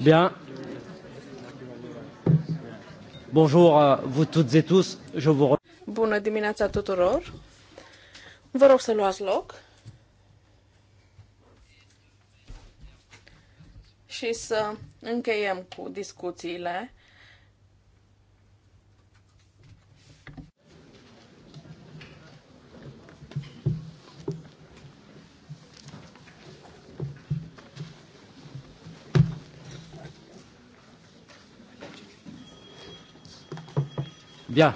Bien. Bonjour à vous toutes et tous. Je vous Bună dimineața tuturor. Vă rog să luați loc. Și să încheiem cu discuțiile Bien.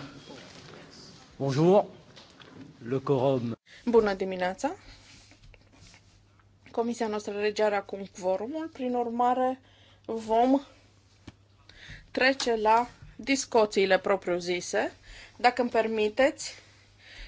Bonjour. Le quorum. Bună dimineața. Comisia noastră rege are acum quorumul, prin urmare vom trece la discuțiile propriu-zise. Dacă îmi permiteți,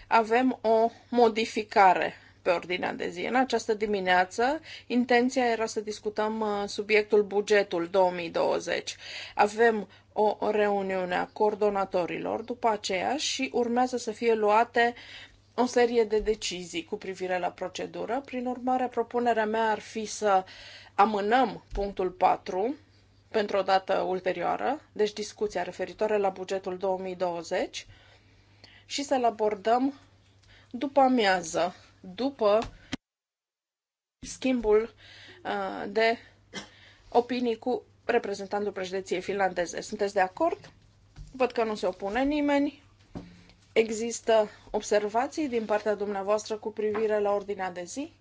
avem o modificare pe ordinea de zi. În această dimineață, intenția era să discutăm uh, subiectul bugetul 2020. Avem o reuniune a coordonatorilor după aceea și urmează să fie luate o serie de decizii cu privire la procedură. Prin urmare, propunerea mea ar fi să amânăm punctul 4 pentru o dată ulterioară, deci discuția referitoare la bugetul 2020 și să-l abordăm după amiază, după schimbul uh, de opinii cu reprezentantul președinției finlandeze. Sunteți de acord? Văd că nu se opune nimeni. Există observații din partea dumneavoastră cu privire la ordinea de zi?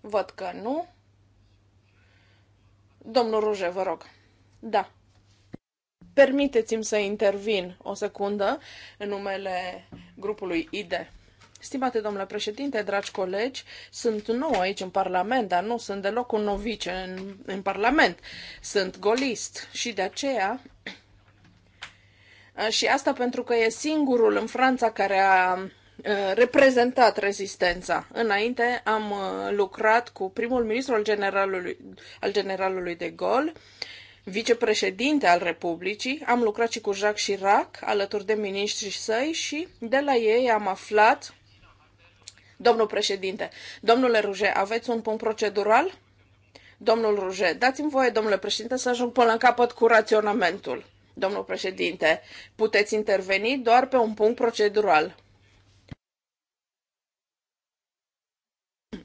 Văd că nu. Domnul Ruge, vă rog. Da. Permiteți-mi să intervin o secundă în numele grupului IDE. Stimate domnule președinte, dragi colegi, sunt nou aici în Parlament, dar nu sunt deloc un novice în, în Parlament. Sunt golist și de aceea și asta pentru că e singurul în Franța care a uh, reprezentat rezistența. Înainte am uh, lucrat cu primul ministru al generalului, al generalului de Gaulle, vicepreședinte al Republicii, am lucrat și cu Jacques Chirac, alături de miniștrii săi și de la ei am aflat Domnul președinte, domnule Ruge, aveți un punct procedural? Domnul Ruge, dați-mi voie, domnule președinte, să ajung până la capăt cu raționamentul. Domnul președinte, puteți interveni doar pe un punct procedural.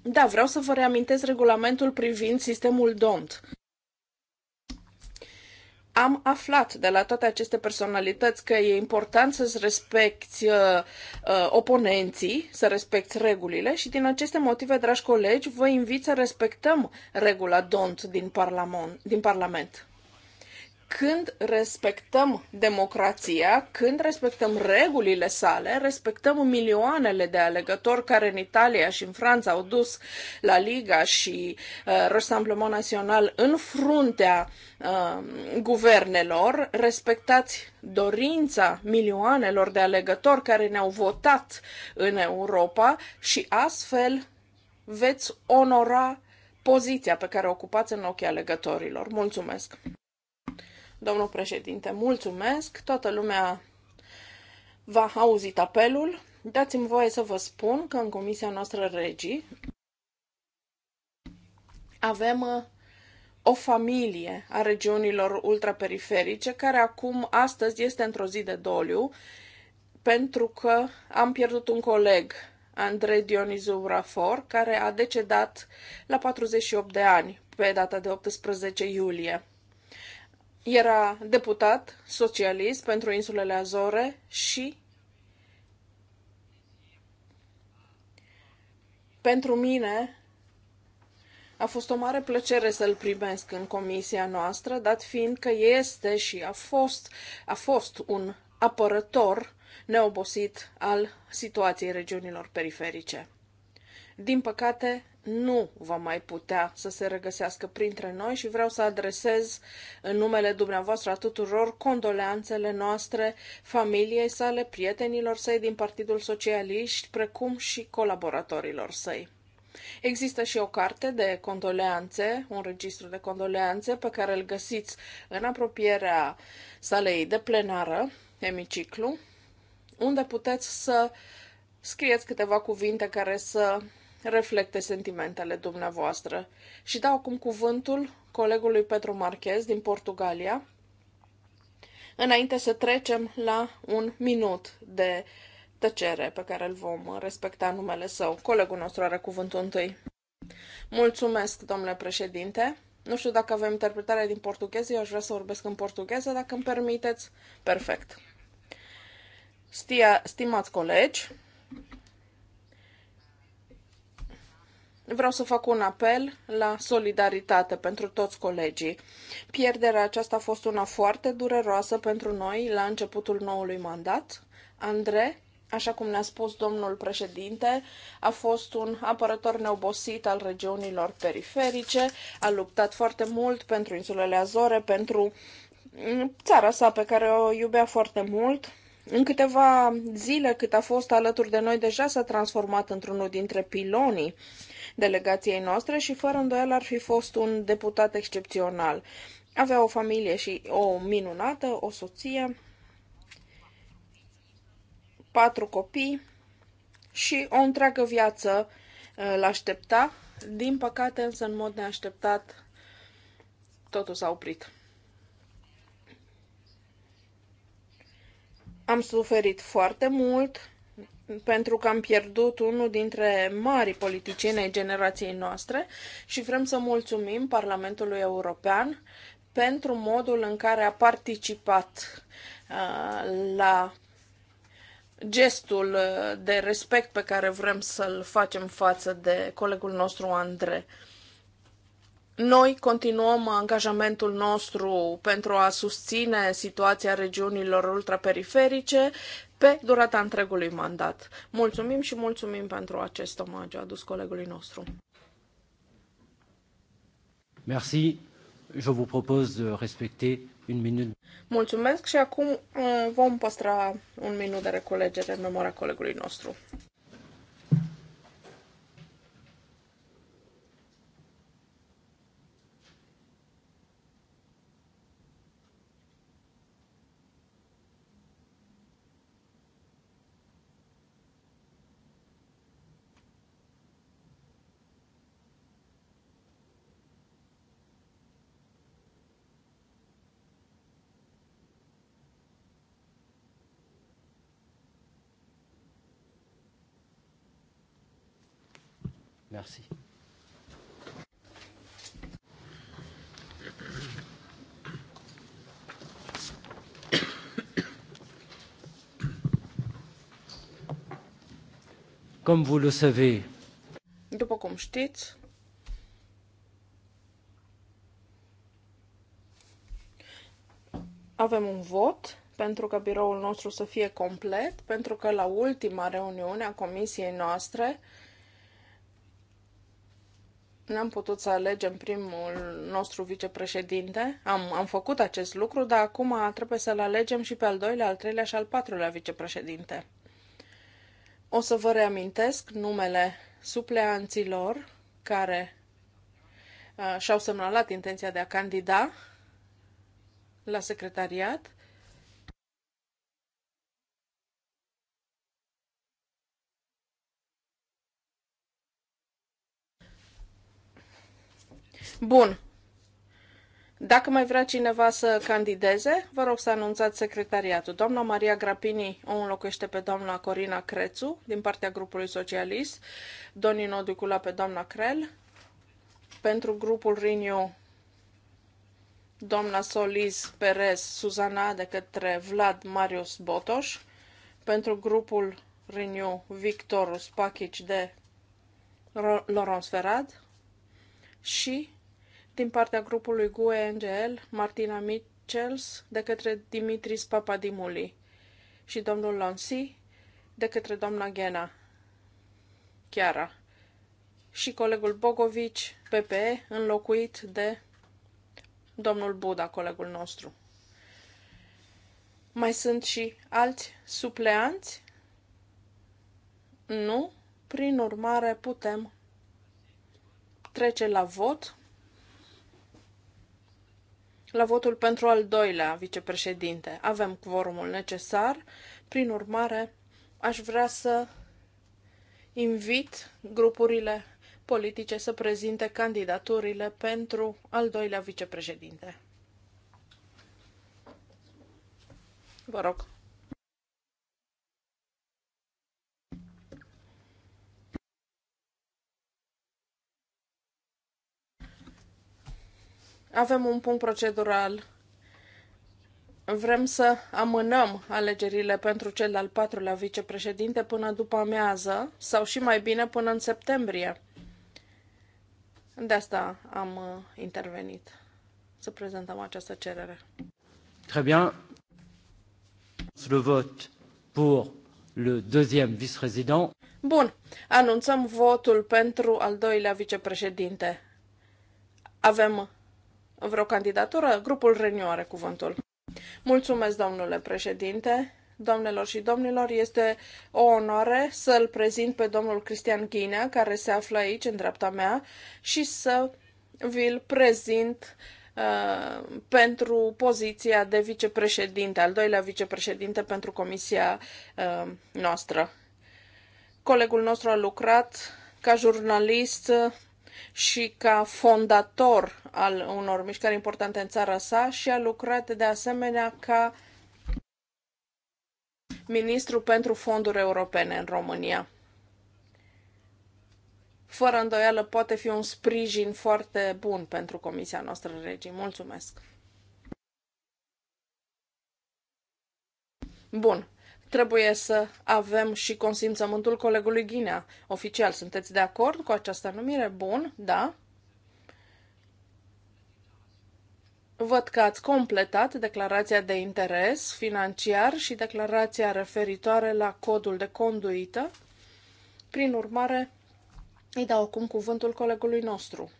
Da, vreau să vă reamintesc regulamentul privind sistemul DONT am aflat de la toate aceste personalități că e important să-ți respecti uh, uh, oponenții, să respecti regulile și din aceste motive, dragi colegi, vă invit să respectăm regula DONT din, parlament. din Parlament când respectăm democrația, când respectăm regulile sale, respectăm milioanele de alegători care în Italia și în Franța au dus la Liga și uh, Rassemblement Național în fruntea uh, guvernelor, respectați dorința milioanelor de alegători care ne-au votat în Europa și astfel veți onora poziția pe care o ocupați în ochii alegătorilor. Mulțumesc! Domnul președinte, mulțumesc. Toată lumea v-a auzit apelul. Dați-mi voie să vă spun că în comisia noastră regii avem uh, o familie a regiunilor ultraperiferice care acum, astăzi, este într-o zi de doliu pentru că am pierdut un coleg, Andrei Dionizu Rafor, care a decedat la 48 de ani pe data de 18 iulie. Era deputat socialist pentru insulele Azore și pentru mine a fost o mare plăcere să-l primesc în comisia noastră, dat fiind că este și a fost, a fost un apărător neobosit al situației regiunilor periferice din păcate, nu va mai putea să se regăsească printre noi și vreau să adresez în numele dumneavoastră a tuturor condoleanțele noastre familiei sale, prietenilor săi din Partidul Socialiști, precum și colaboratorilor săi. Există și o carte de condoleanțe, un registru de condoleanțe pe care îl găsiți în apropierea salei de plenară, emiciclu, unde puteți să scrieți câteva cuvinte care să reflecte sentimentele dumneavoastră. Și dau acum cuvântul colegului Petru Marchez din Portugalia, înainte să trecem la un minut de tăcere pe care îl vom respecta numele său. Colegul nostru are cuvântul întâi. Mulțumesc, domnule președinte. Nu știu dacă avem interpretare din portugheză, eu aș vrea să vorbesc în portugheză, dacă îmi permiteți. Perfect. Stia, stimați colegi, Vreau să fac un apel la solidaritate pentru toți colegii. Pierderea aceasta a fost una foarte dureroasă pentru noi la începutul noului mandat. Andre, așa cum ne-a spus domnul președinte, a fost un apărător neobosit al regiunilor periferice, a luptat foarte mult pentru insulele Azore, pentru mm, țara sa pe care o iubea foarte mult. În câteva zile cât a fost alături de noi, deja s-a transformat într-unul dintre pilonii delegației noastre și fără îndoială ar fi fost un deputat excepțional. Avea o familie și o minunată, o soție, patru copii și o întreagă viață uh, l-aștepta. Din păcate, însă, în mod neașteptat, totul s-a oprit. Am suferit foarte mult pentru că am pierdut unul dintre mari politicieni ai generației noastre și vrem să mulțumim Parlamentului European pentru modul în care a participat uh, la gestul uh, de respect pe care vrem să-l facem față de colegul nostru Andre. Noi continuăm angajamentul nostru pentru a susține situația regiunilor ultraperiferice pe durata întregului mandat. Mulțumim și mulțumim pentru acest omagiu adus colegului nostru. Merci. Je vous propose de respecter une minute. Mulțumesc și acum uh, vom păstra un minut de reculegere în memoria colegului nostru. Merci. Comme vous le savez, după cum știți, avem un vot pentru că biroul nostru să fie complet, pentru că la ultima reuniune a comisiei noastre ne am putut să alegem primul nostru vicepreședinte. Am, am făcut acest lucru, dar acum trebuie să-l alegem și pe al doilea, al treilea și al patrulea vicepreședinte. O să vă reamintesc numele supleanților care uh, și-au semnalat intenția de a candida la secretariat Bun. Dacă mai vrea cineva să candideze, vă rog să anunțați secretariatul. Doamna Maria Grapini o înlocuiește pe doamna Corina Crețu din partea grupului socialist, Doni Nodicula pe doamna Crel, pentru grupul Riniu doamna Solis Perez Suzana de către Vlad Marius Botoș, pentru grupul Renew Victorus Pachici de Laurence Ferrad și din partea grupului GUE NGL, Martina Michels, de către Dimitris Papadimuli și domnul Lonsi, de către doamna Ghena, Chiara, și colegul Bogovici, PPE, înlocuit de domnul Buda, colegul nostru. Mai sunt și alți supleanți? Nu? Prin urmare, putem trece la vot la votul pentru al doilea vicepreședinte. Avem quorumul necesar, prin urmare, aș vrea să invit grupurile politice să prezinte candidaturile pentru al doilea vicepreședinte. Vă rog. Avem un punct procedural. Vrem să amânăm alegerile pentru cel al patrulea vicepreședinte până după amiază sau și mai bine până în septembrie. De asta am uh, intervenit să prezentăm această cerere. Très bien. Le vote pour le deuxième vice-président. Bun. Anunțăm votul pentru al doilea vicepreședinte. Avem vreo candidatură? Grupul Renew are cuvântul. Mulțumesc, domnule președinte. Doamnelor și domnilor, este o onoare să-l prezint pe domnul Cristian Ghinea, care se află aici, în dreapta mea, și să vi-l prezint uh, pentru poziția de vicepreședinte, al doilea vicepreședinte pentru comisia uh, noastră. Colegul nostru a lucrat ca jurnalist și ca fondator al unor mișcări importante în țara sa și a lucrat de asemenea ca ministru pentru fonduri europene în România. Fără îndoială poate fi un sprijin foarte bun pentru comisia noastră regii. Mulțumesc! Bun trebuie să avem și consimțământul colegului Ghinea. Oficial, sunteți de acord cu această numire? Bun, da. Văd că ați completat declarația de interes financiar și declarația referitoare la codul de conduită. Prin urmare, îi dau acum cuvântul colegului nostru.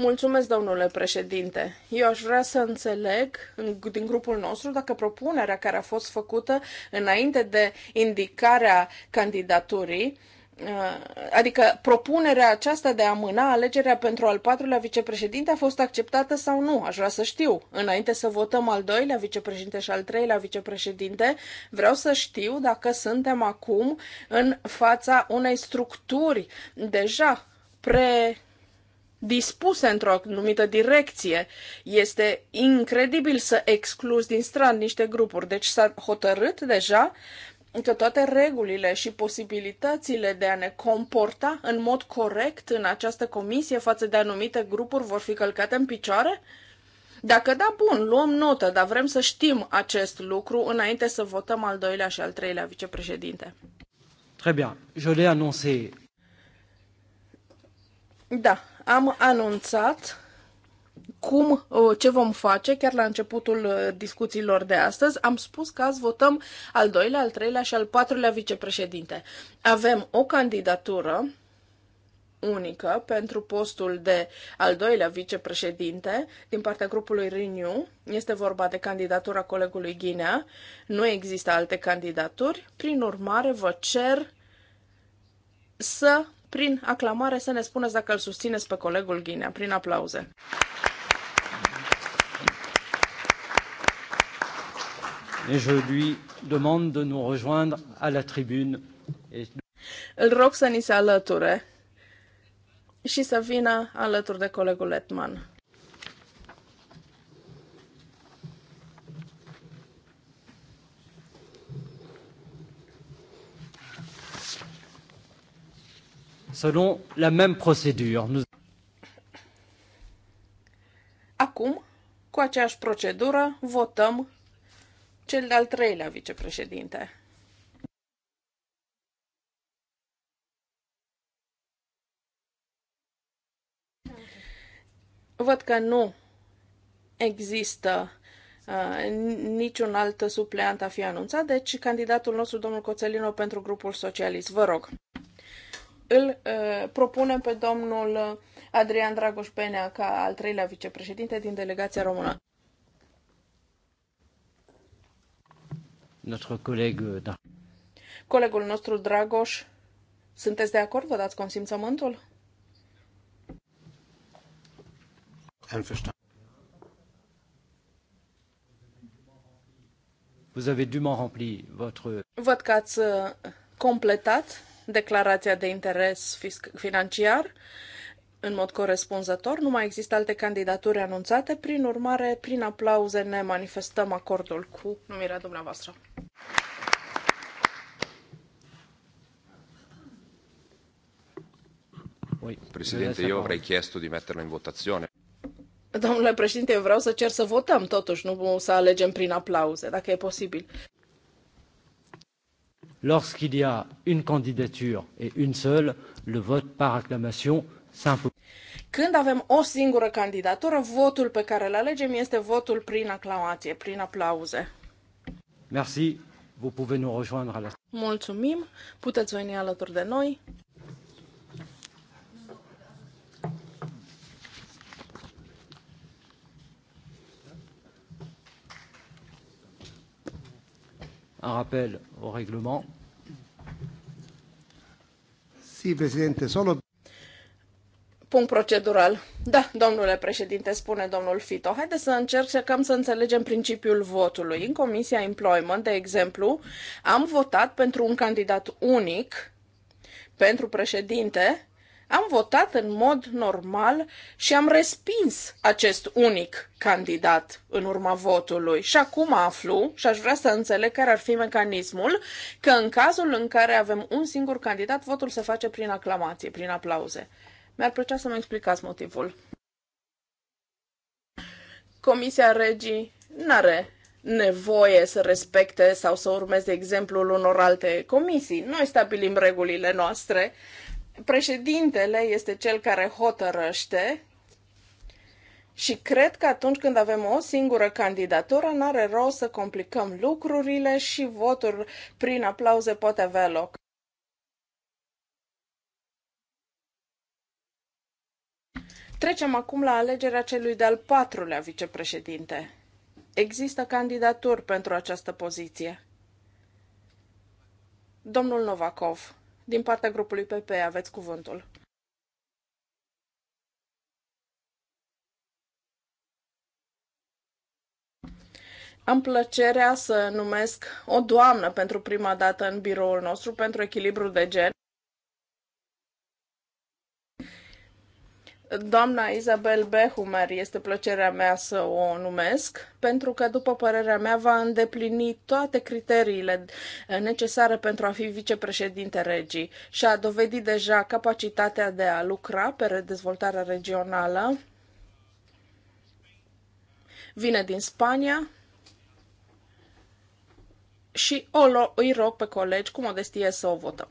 Mulțumesc, domnule președinte. Eu aș vrea să înțeleg din grupul nostru dacă propunerea care a fost făcută înainte de indicarea candidaturii uh, adică propunerea aceasta de a amâna alegerea pentru al patrulea vicepreședinte a fost acceptată sau nu? Aș vrea să știu. Înainte să votăm al doilea vicepreședinte și al treilea vicepreședinte, vreau să știu dacă suntem acum în fața unei structuri deja pre dispuse într-o anumită direcție. Este incredibil să excluzi din stran niște grupuri. Deci s-a hotărât deja că toate regulile și posibilitățile de a ne comporta în mod corect în această comisie față de anumite grupuri vor fi călcate în picioare? Dacă da, bun, luăm notă, dar vrem să știm acest lucru înainte să votăm al doilea și al treilea vicepreședinte. Très bien. Je l'ai annoncé. Da, am anunțat cum, uh, ce vom face chiar la începutul uh, discuțiilor de astăzi. Am spus că azi votăm al doilea, al treilea și al patrulea vicepreședinte. Avem o candidatură unică pentru postul de al doilea vicepreședinte din partea grupului Renew. Este vorba de candidatura colegului Ghinea. Nu există alte candidaturi. Prin urmare, vă cer să prin aclamare să ne spuneți dacă îl susțineți pe colegul Ghinea, prin aplauze. Et je lui demande de nous rejoindre à la tribune. Îl rog să ni se alăture și să vină alături de colegul Letman. selon la même procédure. Nous... Acum, cu aceeași procedură, votăm cel de-al treilea vicepreședinte. Văd că nu există uh, niciun alt supleant a fi anunțat, deci candidatul nostru, domnul Coțelino, pentru grupul socialist. Vă rog îl uh, propunem pe domnul Adrian Dragoș Penea ca al treilea vicepreședinte din delegația română. Notre coleg, uh, da. Colegul nostru Dragoș, sunteți de acord? Vă dați consimțământul? Vous avez dûment rempli votre... Văd că ați uh, completat declarația de interes financiar în mod corespunzător. Nu mai există alte candidaturi anunțate. Prin urmare, prin aplauze ne manifestăm acordul cu numirea dumneavoastră. Președinte, eu avrei chestul de metterlo în votație. Domnule președinte, eu vreau să cer să votăm totuși, nu să alegem prin aplauze, dacă e posibil. Lorsqu'il y a une candidature et une seule, le vote par acclamation s'impose. Când avem o singură candidatură, votul pe care îl alegem este votul prin aclamație, prin aplauze. Merci. Vous pouvez nous rejoindre à la... Mulțumim. Puteți veni alături de noi. un rappel au règlement. Si, președinte, solo... Punct procedural. Da, domnule președinte, spune domnul Fito. Haideți să încercăm să înțelegem principiul votului. În Comisia Employment, de exemplu, am votat pentru un candidat unic pentru președinte am votat în mod normal și am respins acest unic candidat în urma votului. Și acum aflu, și aș vrea să înțeleg care ar fi mecanismul, că în cazul în care avem un singur candidat, votul se face prin aclamație, prin aplauze. Mi-ar plăcea să mă explicați motivul. Comisia Regii n-are nevoie să respecte sau să urmeze exemplul unor alte comisii. Noi stabilim regulile noastre președintele este cel care hotărăște și cred că atunci când avem o singură candidatură, n-are rost să complicăm lucrurile și votul prin aplauze poate avea loc. Trecem acum la alegerea celui de-al patrulea vicepreședinte. Există candidaturi pentru această poziție. Domnul Novakov. Din partea grupului PP aveți cuvântul. Am plăcerea să numesc o doamnă pentru prima dată în biroul nostru pentru echilibru de gen Doamna Isabel Behumer este plăcerea mea să o numesc, pentru că, după părerea mea, va îndeplini toate criteriile necesare pentru a fi vicepreședinte regii și a dovedit deja capacitatea de a lucra pe dezvoltarea regională. Vine din Spania și o îi rog pe colegi cu modestie să o votăm.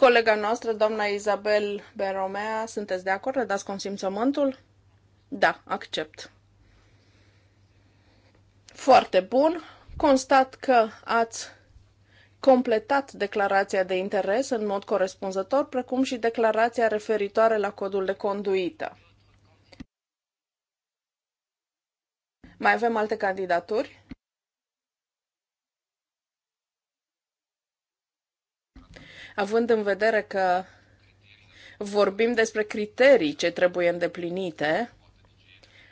Colega noastră, doamna Isabel Beromea, sunteți de acord? Le dați consimțământul? Da, accept. Foarte bun. Constat că ați completat declarația de interes în mod corespunzător, precum și declarația referitoare la codul de conduită. Mai avem alte candidaturi? având în vedere că vorbim despre criterii ce trebuie îndeplinite,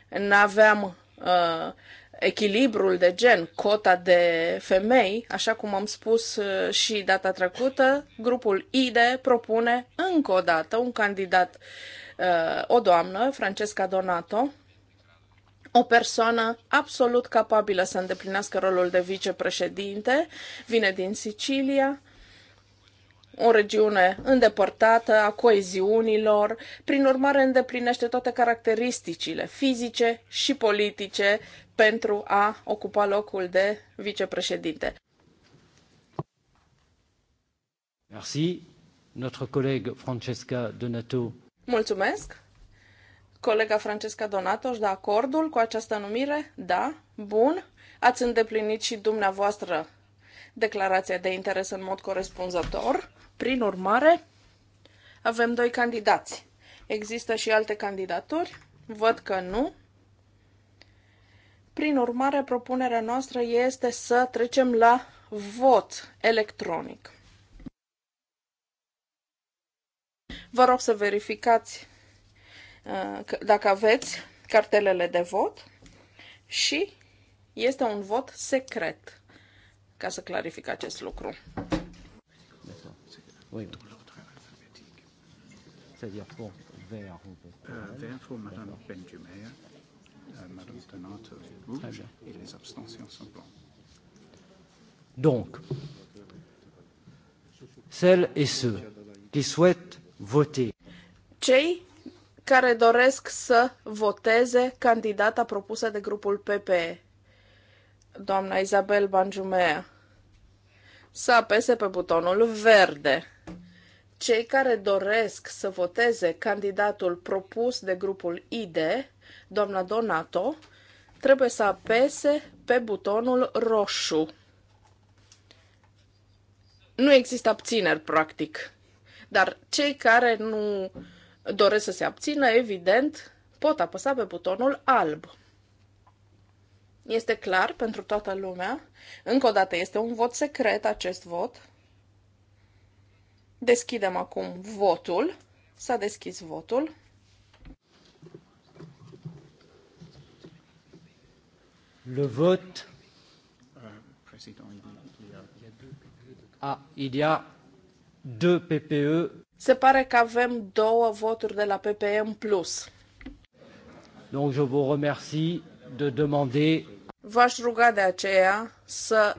n-aveam uh, echilibrul de gen, cota de femei, așa cum am spus uh, și data trecută, grupul IDE propune încă o dată un candidat, uh, o doamnă, Francesca Donato, o persoană absolut capabilă să îndeplinească rolul de vicepreședinte, vine din Sicilia, o regiune îndepărtată a coeziunilor, prin urmare îndeplinește toate caracteristicile fizice și politice pentru a ocupa locul de vicepreședinte. Merci. Notre collègue Francesca Donato. Mulțumesc. Colega Francesca Donato își dă acordul cu această numire? Da. Bun. Ați îndeplinit și dumneavoastră declarația de interes în mod corespunzător. Prin urmare, avem doi candidați. Există și alte candidaturi? Văd că nu. Prin urmare, propunerea noastră este să trecem la vot electronic. Vă rog să verificați uh, dacă aveți cartelele de vot și este un vot secret ca să clarific acest lucru. Donc, celles et ceux qui souhaitent voter. Cei care doresc să voteze candidata propusă de grupul PPE doamna Isabel Banjumea să apese pe butonul verde. Cei care doresc să voteze candidatul propus de grupul ID, doamna Donato, trebuie să apese pe butonul roșu. Nu există abțineri, practic. Dar cei care nu doresc să se abțină, evident, pot apăsa pe butonul alb. Este clar pentru toată lumea. Încă o dată, este un vot secret acest vot. Deschidem acum votul. S-a deschis votul. Le vot. Ah, il y a deux PPE. Se pare că avem două voturi de la PPM plus. Donc je vous remercie de demander V-aș ruga de aceea să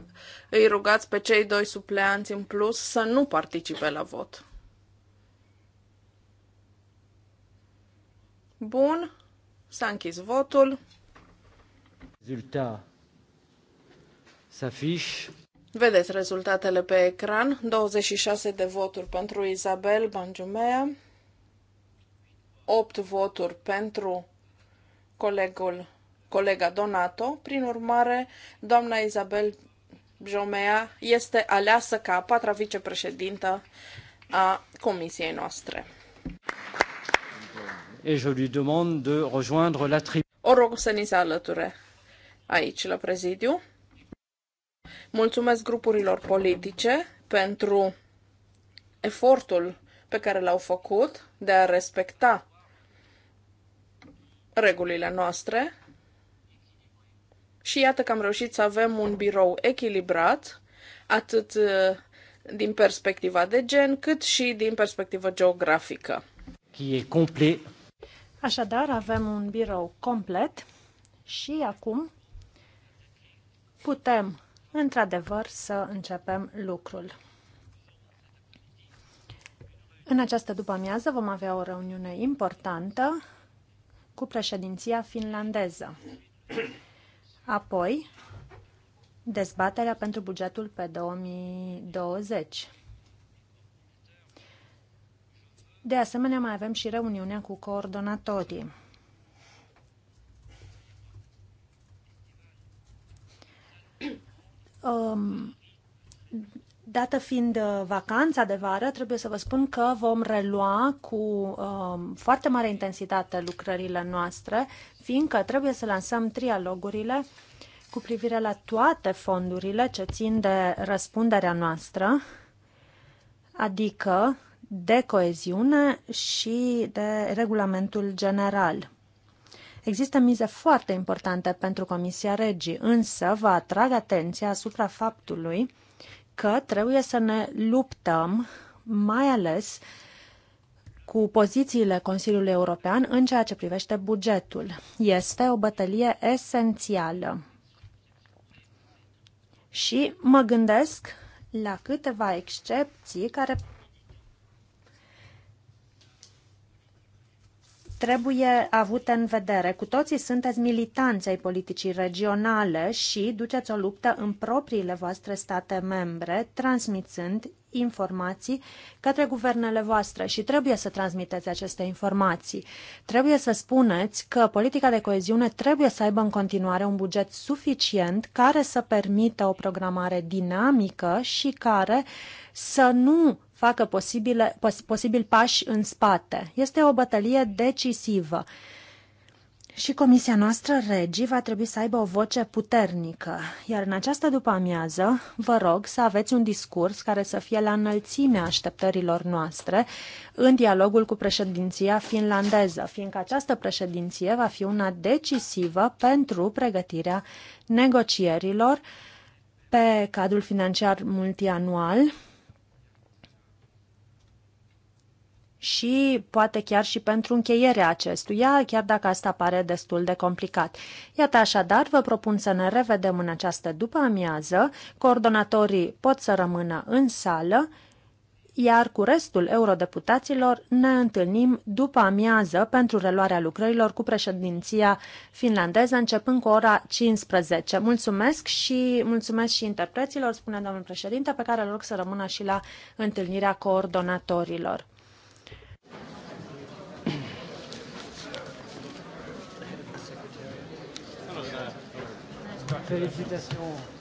îi rugați pe cei doi supleanți în plus să nu participe la vot. Bun, s-a închis votul. Rezultat s'affiche. Vedeți rezultatele pe ecran. 26 de voturi pentru Isabel Banjumea, 8 voturi pentru colegul colega Donato. Prin urmare, doamna Isabel Jomea este aleasă ca a patra vicepreședintă a comisiei noastre. Et je lui demande de rejoindre la tri... O rog să ni se alăture aici, la prezidiu. Mulțumesc grupurilor politice pentru efortul pe care l-au făcut de a respecta regulile noastre și iată că am reușit să avem un birou echilibrat, atât uh, din perspectiva de gen, cât și din perspectiva geografică. E complet. Așadar, avem un birou complet și acum putem, într-adevăr, să începem lucrul. În această după-amiază vom avea o reuniune importantă cu președinția finlandeză. Apoi, dezbaterea pentru bugetul pe 2020. De asemenea, mai avem și reuniunea cu coordonatorii. Um, Dată fiind uh, vacanța de vară, trebuie să vă spun că vom relua cu um, foarte mare intensitate lucrările noastre, fiindcă trebuie să lansăm trialogurile cu privire la toate fondurile ce țin de răspunderea noastră, adică de coeziune și de regulamentul general. Există mize foarte importante pentru Comisia Regii, însă vă atrag atenția asupra faptului că trebuie să ne luptăm mai ales cu pozițiile Consiliului European în ceea ce privește bugetul. Este o bătălie esențială. Și mă gândesc la câteva excepții care trebuie avute în vedere. Cu toții sunteți militanți ai politicii regionale și duceți o luptă în propriile voastre state membre, transmițând informații către guvernele voastre și trebuie să transmiteți aceste informații. Trebuie să spuneți că politica de coeziune trebuie să aibă în continuare un buget suficient care să permită o programare dinamică și care să nu facă posibile, pos, posibil pași în spate. Este o bătălie decisivă. Și comisia noastră, regii, va trebui să aibă o voce puternică. Iar în această după-amiază, vă rog să aveți un discurs care să fie la înălțimea așteptărilor noastre în dialogul cu președinția finlandeză, fiindcă această președinție va fi una decisivă pentru pregătirea negocierilor pe cadrul financiar multianual și poate chiar și pentru încheierea acestuia, chiar dacă asta pare destul de complicat. Iată așadar, vă propun să ne revedem în această după amiază, coordonatorii pot să rămână în sală, iar cu restul eurodeputaților ne întâlnim după amiază pentru reluarea lucrărilor cu președinția finlandeză, începând cu ora 15. Mulțumesc și mulțumesc și interpreților, spune domnul președinte, pe care îl rog să rămână și la întâlnirea coordonatorilor. Félicitations.